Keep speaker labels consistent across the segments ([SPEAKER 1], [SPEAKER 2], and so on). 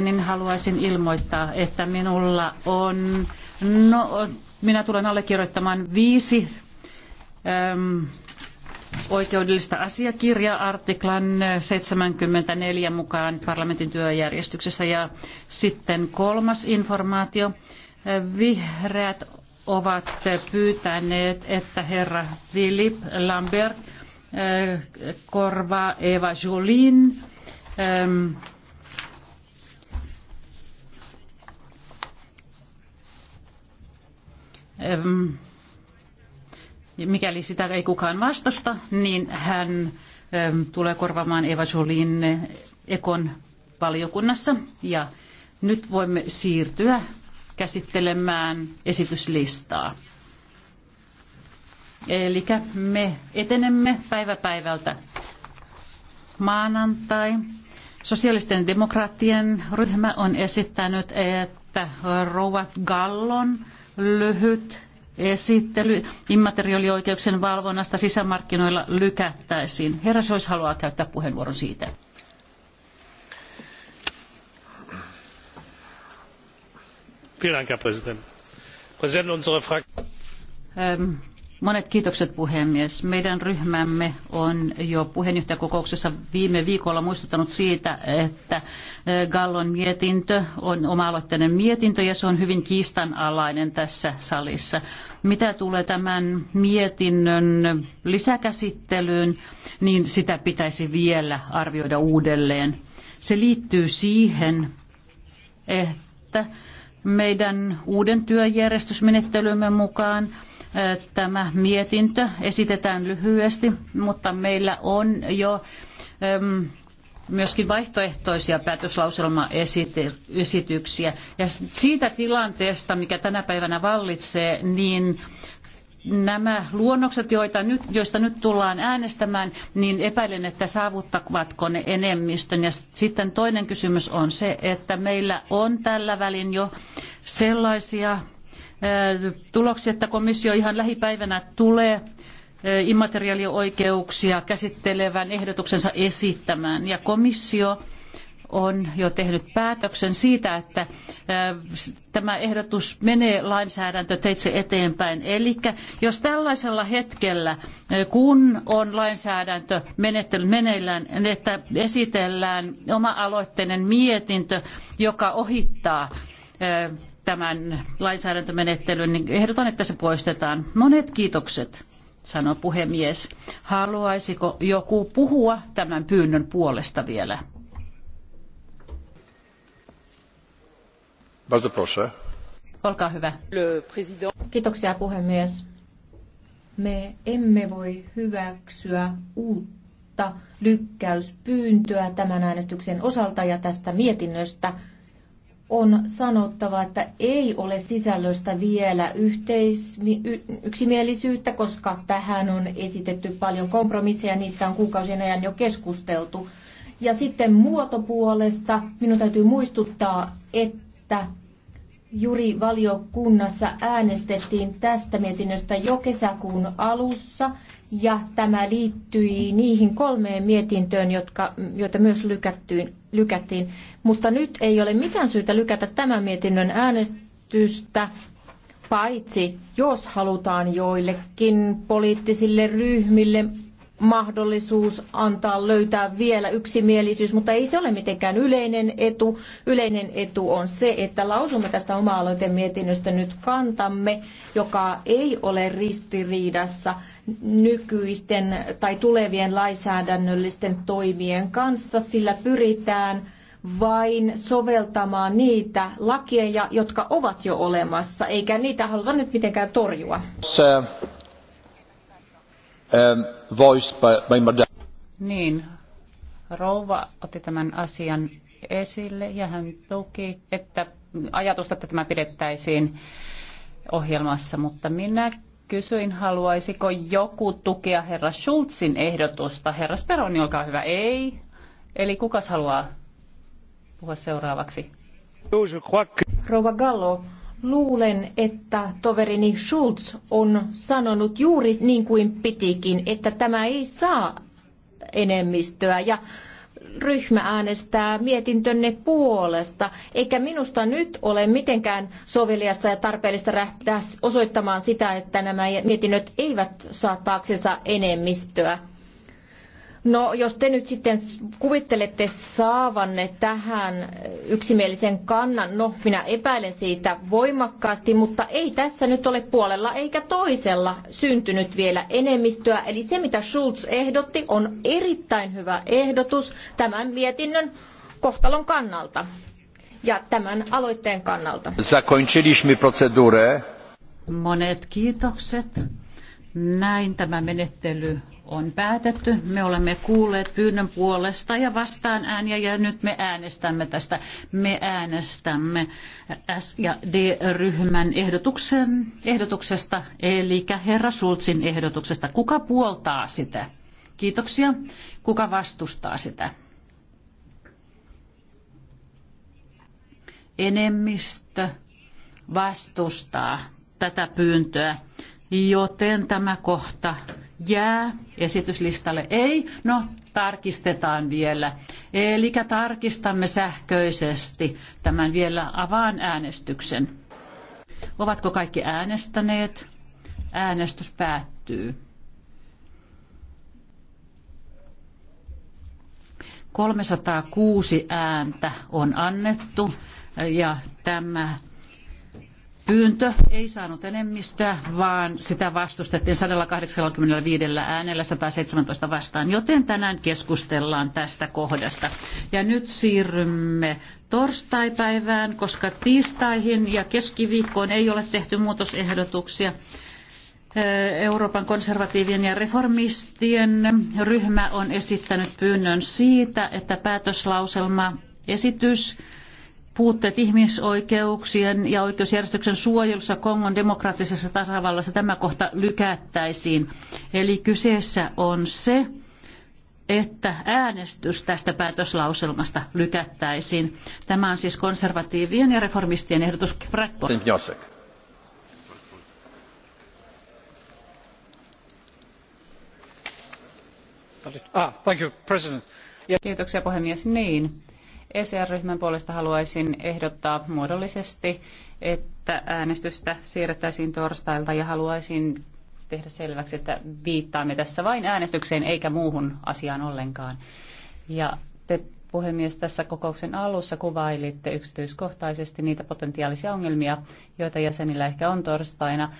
[SPEAKER 1] niin haluaisin ilmoittaa, että minulla on, no, minä tulen allekirjoittamaan viisi äm, oikeudellista asiakirjaa artiklan 74 mukaan parlamentin työjärjestyksessä. Ja sitten kolmas informaatio. Vihreät ovat pyytäneet, että herra Philip Lambert äh, korvaa Eva Jolin. Äm, mikäli sitä ei kukaan vastusta, niin hän tulee korvaamaan Eva Jolin Ekon valiokunnassa. Ja nyt voimme siirtyä käsittelemään esityslistaa. Eli me etenemme päivä päivältä maanantai. Sosiaalisten demokraattien ryhmä on esittänyt, että rouva Gallon lyhyt esittely immateriaalioikeuksien valvonnasta sisämarkkinoilla lykättäisiin. Herra Sois haluaa käyttää puheenvuoron siitä. Vielen Dank, Herr Präsident. Präsident Fraktion ähm, Monet kiitokset puhemies. Meidän ryhmämme on jo puheenjohtajakokouksessa viime viikolla muistuttanut siitä, että eh, Gallon mietintö on oma-aloitteinen mietintö ja se on hyvin kiistanalainen tässä salissa. Mitä tulee tämän mietinnön lisäkäsittelyyn, niin sitä pitäisi vielä arvioida uudelleen. Se liittyy siihen, että meidän uuden työjärjestysmenettelymme mukaan – Tämä mietintö esitetään lyhyesti, mutta meillä on jo myöskin vaihtoehtoisia päätöslauselmaesityksiä. Ja siitä tilanteesta, mikä tänä päivänä vallitsee, niin nämä luonnokset, joita nyt, joista nyt tullaan äänestämään, niin epäilen, että saavuttavatko ne enemmistön. Ja sitten toinen kysymys on se, että meillä on tällä välin jo sellaisia tuloksia, että komissio ihan lähipäivänä tulee immateriaalioikeuksia käsittelevän ehdotuksensa esittämään. Ja komissio on jo tehnyt päätöksen siitä, että tämä ehdotus menee lainsäädäntöteitse eteenpäin. Eli jos tällaisella hetkellä, kun on lainsäädäntömenettely meneillään, että esitellään oma-aloitteinen mietintö, joka ohittaa tämän lainsäädäntömenettelyn, niin ehdotan, että se poistetaan. Monet kiitokset, sanoi puhemies. Haluaisiko joku puhua tämän pyynnön puolesta vielä?
[SPEAKER 2] Bardzo Olkaa hyvä. Kiitoksia puhemies. Me emme voi hyväksyä uutta lykkäyspyyntöä tämän äänestyksen osalta ja tästä mietinnöstä on sanottava, että ei ole sisällöstä vielä yhteis, yksimielisyyttä, koska tähän on esitetty paljon kompromisseja, niistä on kuukausien ajan jo keskusteltu. Ja sitten muotopuolesta minun täytyy muistuttaa, että Juri valiokunnassa äänestettiin tästä mietinnöstä jo kesäkuun alussa ja tämä liittyi niihin kolmeen mietintöön, jotka, joita myös lykättiin, lykättiin. Mutta nyt ei ole mitään syytä lykätä tämän mietinnön äänestystä, paitsi jos halutaan joillekin poliittisille ryhmille mahdollisuus antaa löytää vielä yksimielisyys, mutta ei se ole mitenkään yleinen etu. Yleinen etu on se, että lausumme tästä oma-aloitemietinnöstä nyt kantamme, joka ei ole ristiriidassa nykyisten tai tulevien lainsäädännöllisten toimien kanssa, sillä pyritään vain soveltamaan niitä lakeja, jotka ovat jo olemassa, eikä niitä haluta nyt mitenkään torjua. Um, voiced by, by Madame.
[SPEAKER 1] Niin, rouva otti tämän asian esille ja hän tuki, että ajatusta, että tämä pidettäisiin ohjelmassa, mutta minä kysyin, haluaisiko joku tukea herra Schulzin ehdotusta. Herra Speroni, olkaa hyvä. Ei. Eli kukas haluaa puhua seuraavaksi?
[SPEAKER 2] Rouva Gallo, Luulen, että toverini Schulz on sanonut juuri niin kuin pitikin, että tämä ei saa enemmistöä ja ryhmä äänestää mietintönne puolesta, eikä minusta nyt ole mitenkään soveliasta ja tarpeellista lähteä osoittamaan sitä, että nämä mietinnöt eivät saa taaksensa enemmistöä. No jos te nyt sitten kuvittelette saavanne tähän yksimielisen kannan, no minä epäilen siitä voimakkaasti, mutta ei tässä nyt ole puolella eikä toisella syntynyt vielä enemmistöä. Eli se mitä Schulz ehdotti on erittäin hyvä ehdotus tämän mietinnön kohtalon kannalta ja tämän aloitteen kannalta. Zakończyliśmy procedurę. Monet
[SPEAKER 1] kiitokset. Näin tämä menettely on päätetty. Me olemme kuulleet pyynnön puolesta ja vastaan ääniä ja nyt me äänestämme tästä. Me äänestämme S- ja D-ryhmän ehdotuksen, ehdotuksesta, eli herra Sultsin ehdotuksesta. Kuka puoltaa sitä? Kiitoksia. Kuka vastustaa sitä? Enemmistö vastustaa tätä pyyntöä joten tämä kohta jää esityslistalle. Ei, no tarkistetaan vielä. Eli tarkistamme sähköisesti tämän vielä avaan äänestyksen. Ovatko kaikki äänestäneet? Äänestys päättyy. 306 ääntä on annettu ja tämä pyyntö ei saanut enemmistöä, vaan sitä vastustettiin 185 äänellä 117 vastaan, joten tänään keskustellaan tästä kohdasta. Ja nyt siirrymme torstaipäivään, koska tiistaihin ja keskiviikkoon ei ole tehty muutosehdotuksia. Euroopan konservatiivien ja reformistien ryhmä on esittänyt pyynnön siitä, että päätöslauselma esitys puutteet ihmisoikeuksien ja oikeusjärjestyksen suojelussa Kongon demokraattisessa tasavallassa tämä kohta lykättäisiin. Eli kyseessä on se, että äänestys tästä päätöslauselmasta lykättäisiin. Tämä on siis konservatiivien ja reformistien ehdotus ah, Kiitoksia puhemies. Niin, ECR-ryhmän puolesta haluaisin ehdottaa muodollisesti, että äänestystä siirrettäisiin torstailta ja haluaisin tehdä selväksi, että viittaamme tässä vain äänestykseen eikä muuhun asiaan ollenkaan. Ja te puhemies tässä kokouksen alussa kuvailitte yksityiskohtaisesti niitä potentiaalisia ongelmia, joita jäsenillä ehkä on torstaina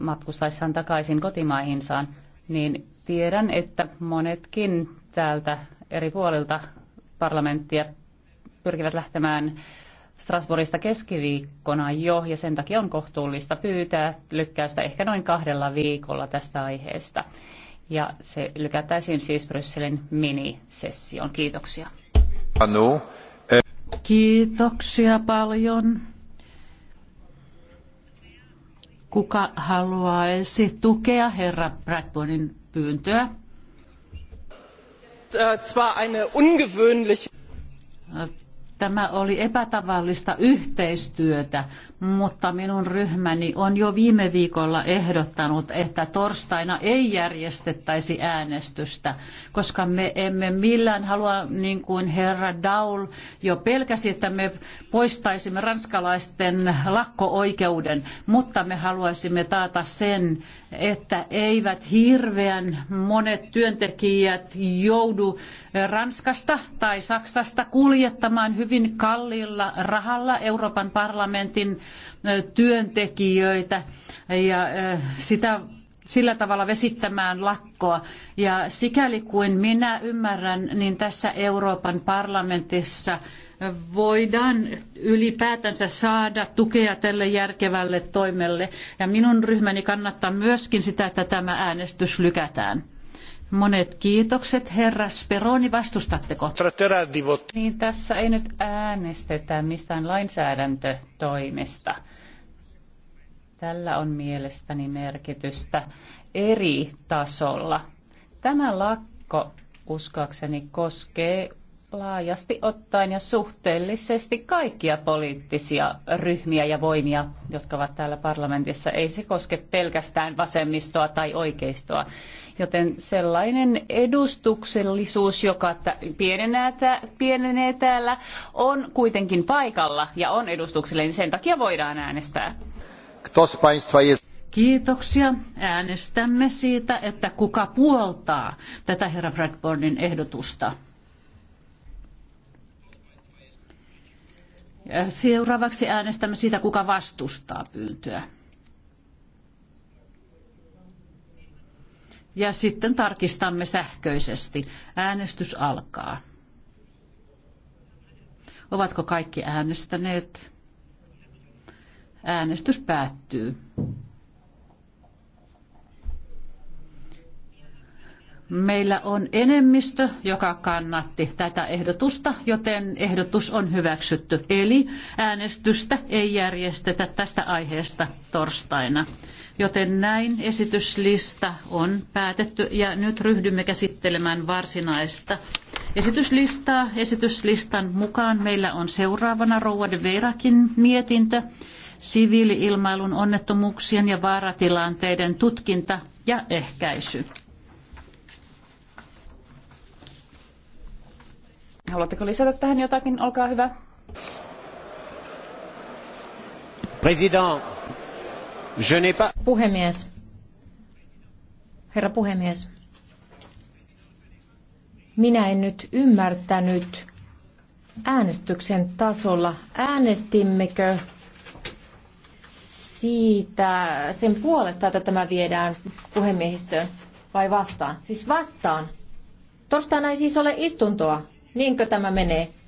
[SPEAKER 1] matkustaessaan takaisin kotimaihinsaan, niin tiedän, että monetkin täältä eri puolilta parlamenttia pyrkivät lähtemään Strasbourgista keskiviikkona jo, ja sen takia on kohtuullista pyytää lykkäystä ehkä noin kahdella viikolla tästä aiheesta. Ja se lykätäisiin siis Brysselin minisessioon. Kiitoksia.
[SPEAKER 2] Anu. Eh-
[SPEAKER 1] Kiitoksia paljon. Kuka haluaisi tukea herra Bradburnin pyyntöä?
[SPEAKER 2] Äh, zwar eine ungewöhnliche äh,
[SPEAKER 1] Tämä oli epätavallista yhteistyötä, mutta minun ryhmäni on jo viime viikolla ehdottanut, että torstaina ei järjestettäisi äänestystä, koska me emme millään halua, niin kuin herra Daul jo pelkäsi, että me poistaisimme ranskalaisten lakko-oikeuden, mutta me haluaisimme taata sen, että eivät hirveän monet työntekijät joudu Ranskasta tai Saksasta kuljettamaan hyvin hyvin kalliilla rahalla Euroopan parlamentin työntekijöitä ja sitä sillä tavalla vesittämään lakkoa. Ja sikäli kuin minä ymmärrän, niin tässä Euroopan parlamentissa voidaan ylipäätänsä saada tukea tälle järkevälle toimelle. Ja minun ryhmäni kannattaa myöskin sitä, että tämä äänestys lykätään. Monet kiitokset, herra Speroni, vastustatteko? Niin tässä ei nyt äänestetä mistään lainsäädäntötoimesta. Tällä on mielestäni merkitystä eri tasolla. Tämä lakko uskoakseni koskee laajasti ottaen ja suhteellisesti kaikkia poliittisia ryhmiä ja voimia, jotka ovat täällä parlamentissa. Ei se koske pelkästään vasemmistoa tai oikeistoa. Joten sellainen edustuksellisuus, joka pienenee täällä, on kuitenkin paikalla ja on edustuksellinen. Sen takia voidaan äänestää. Kiitoksia. Äänestämme siitä, että kuka puoltaa tätä herra Bradbornin ehdotusta. Ja seuraavaksi äänestämme siitä, kuka vastustaa pyyntöä. ja sitten tarkistamme sähköisesti. Äänestys alkaa. Ovatko kaikki äänestäneet? Äänestys päättyy. Meillä on enemmistö, joka kannatti tätä ehdotusta, joten ehdotus on hyväksytty. Eli äänestystä ei järjestetä tästä aiheesta torstaina. Joten näin esityslista on päätetty ja nyt ryhdymme käsittelemään varsinaista esityslistaa. Esityslistan mukaan meillä on seuraavana Rouva de Veirakin mietintö siviiliilmailun onnettomuuksien ja vaaratilanteiden tutkinta ja ehkäisy. Haluatteko lisätä tähän jotakin? Olkaa hyvä.
[SPEAKER 2] President, je n'ai pas... Puhemies. Herra puhemies. Minä en nyt ymmärtänyt äänestyksen tasolla. Äänestimmekö siitä sen puolesta, että tämä viedään puhemiehistöön vai vastaan? Siis vastaan. Torstaina ei siis ole istuntoa. Niinkö tämä menee?